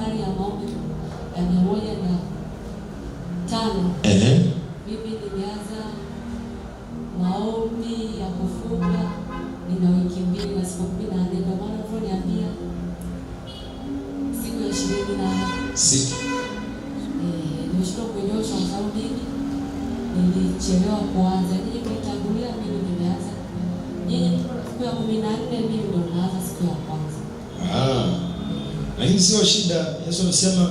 safari ya maombi ya mia moja na tano mimi nimeanza maombi ya kufunga, nina wiki mbili na siku kumi na nne ndio maana ulivyoniambia siku ya ishirini na sita eh, nimeshindwa kunyosha msaudini, nilichelewa kuanza nini yaani kuitangulia mimi nimeanza nyinyi yaani siku ya kumi na nne mimi ndio naanza siku ya kwanza ah lakini sio shida. Yesu anasema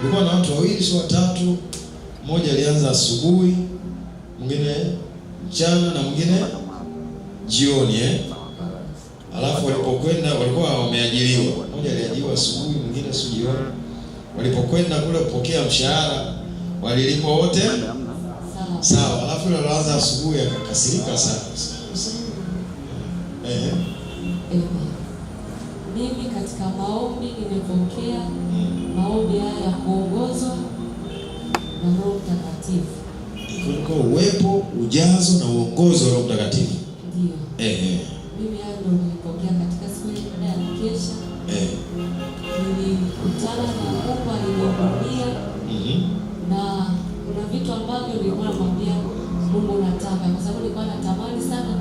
kulikuwa na watu wawili sio watatu, mmoja alianza asubuhi, mwingine mchana na mwingine jioni eh? Alafu walipokwenda walikuwa wameajiriwa, mmoja aliajiriwa asubuhi, mwingine sio jioni. Walipokwenda kule kupokea mshahara, walilipwa wote sawa. Alafu yule alianza asubuhi akakasirika sana, eh, eh mimi katika maombi nimepokea maombi haya ya kuongozwa na Roho Mtakatifu. Kuliko uwepo, ujazo na uongozi wa Roho Mtakatifu. Ndio. Eh eh. Mimi haya ndio nilipokea katika siku ile baada ya kesha. Eh. Nilikutana na Mungu aliniambia. Mhm. Na kuna vitu ambavyo nilikuwa namwambia Mungu nataka kwa sababu nilikuwa natamani sana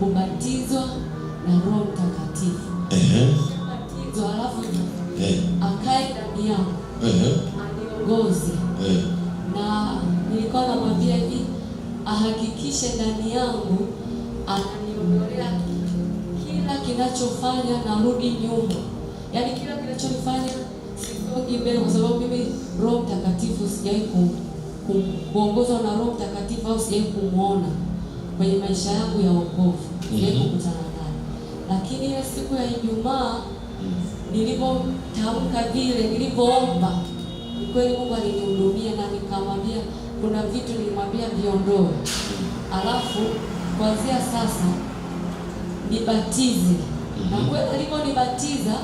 kubatizwa na Roho Mtakatifu. Eh eh mtaalafu eh. akae ndani yangu eh. aniongoze, eh. na nilikuwa namwambia hivi ahakikishe ndani yangu ananiondolea kila kinachofanya narudi nyuma, yaani kila kinachofanya sitoki mbele, kwa sababu mimi Roho Mtakatifu sijawahi kuongozwa na Roho Mtakatifu au sijai kumwona kwenye maisha yangu ya wokovu, sijawahi mhm. kukutana naye, lakini ile siku ya Ijumaa nilivyotamka vile, nilivyoomba kweli, Mungu alinihudumia na nikamwambia kuna vitu nilimwambia viondoe, alafu kuanzia sasa nibatize. Na mhm. kweli aliponibatiza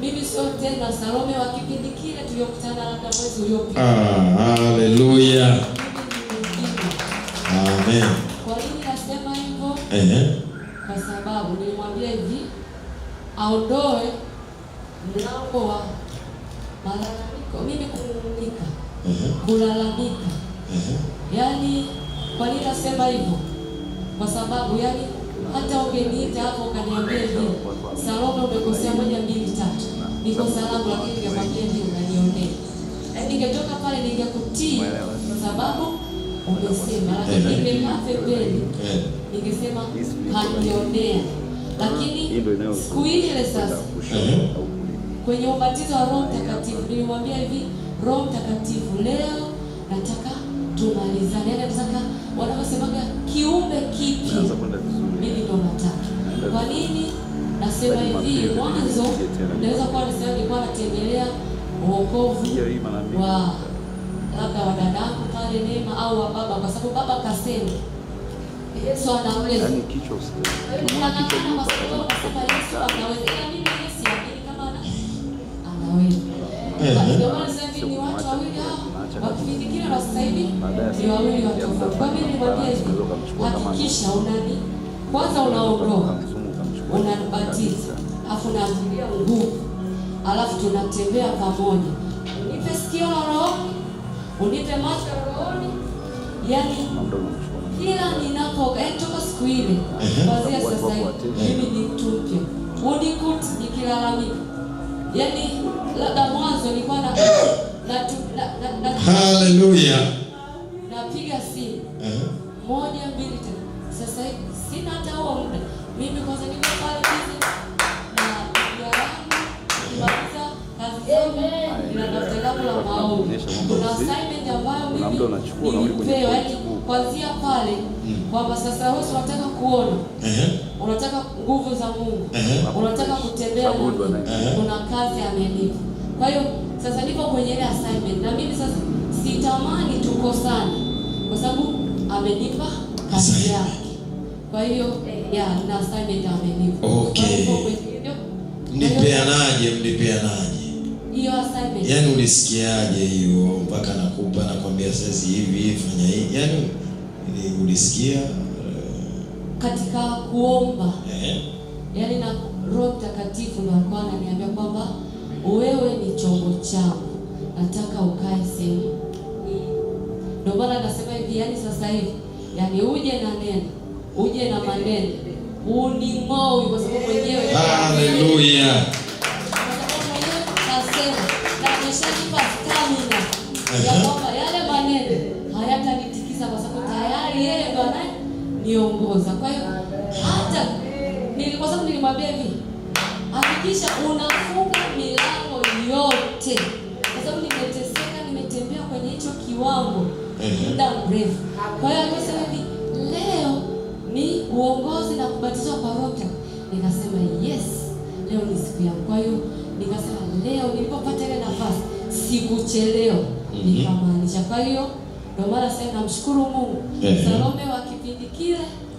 mimi sio tena Salome wa kipindi kile tuliyokutana labda mwezi uliopita. Ah, haleluya. Amen. Kwa nini nasema hivyo? Ehe, Kwa sababu nilimwambia hivi aondoe mlango wa malalamiko, mimi kunung'unika, mhm. kulalamika. Mhm. Yaani, kwa nini nasema hivyo? Kwa sababu yaani hata ungeniita hapo ukaniambia hivi, Salome, umekosea moja mbili tatu, niko salamu, lakini ningekwambia hivi, unanionea, yaani, ningetoka pale ningekutii kwa sababu umesema, lakini mhm. ningekaa pembeni, ningesema hanionea lakini siku ile sasa mhm. kwenye ubatizo wa Roho Mtakatifu nilimwambia hivi, Roho Mtakatifu, leo nataka tumalizane, yaani nataka wanavyosemaga kiumbe kipi, mimi ndo nataka. Kwa nini nasema hivi? Mwanzo naweza kuwa nasema nilikuwa natembelea uokovu wa labda wadadangu pale Neema au wa baba, kwa sababu baba kasema yaani kichwa yaani eh, eh, eh. hakikisha kwanza unaondoa unanibatiza, afu naachilia nguvu, alafu tunatembea pamoja. Unipe sikio la rohoni, unipe macho ya rohoni yani kila ninapo yani, toka siku ile mhm. kuanzia sasa hivi mimi ni mtu mpya. Unikuti nikilalamika, yani labda mwanzo nilikuwa na eh! Haleluya. kuna assignment ambayo mimi nilipewa, kuanzia pale hmm. kwamba sasa wewe unataka kuona, unataka nguvu za Mungu, unataka kutembea kuna kazi amenipa. Kwa hiyo sasa niko kwenye ile assignment, na mimi sasa sitamani tukosane, kwa sababu amenipa kazi yake. Kwa hiyo ya na assignment amenipa. Okay, mlipeanaje? Mlipeanaje? your Yaani ulisikiaje hiyo mpaka nakupa nakwambia sasa hivi fanya hii. Yaani ulisikia eh. katika kuomba. Eh. Yaani na Roho Mtakatifu ndio alikuwa ananiambia kwamba wewe ni chombo changu. Nataka ukae sehemu. Ndio maana nasema hivi yaani sasa hivi yaani uje na neno, uje na maneno. Uning'oe kwa sababu mwenyewe. Haleluya. kuongoza. Kwa hiyo hata nili, kwa sababu nilimwambia hivi, hakikisha unafunga milango yote, kwa sababu nimeteseka, nimetembea kwenye hicho kiwango muda mrefu. Kwa hiyo akasema hivi, leo ni uongozi na kubatizwa kwa Roho, nikasema yes, leo ni siku yangu. Kwa hiyo nikasema leo, nilipopata ile nafasi sikuchelewa, mhm. nikamaanisha. Kwa hiyo ndio maana sasa namshukuru Mungu. Salome wa kipindi kile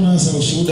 Minas, ao sul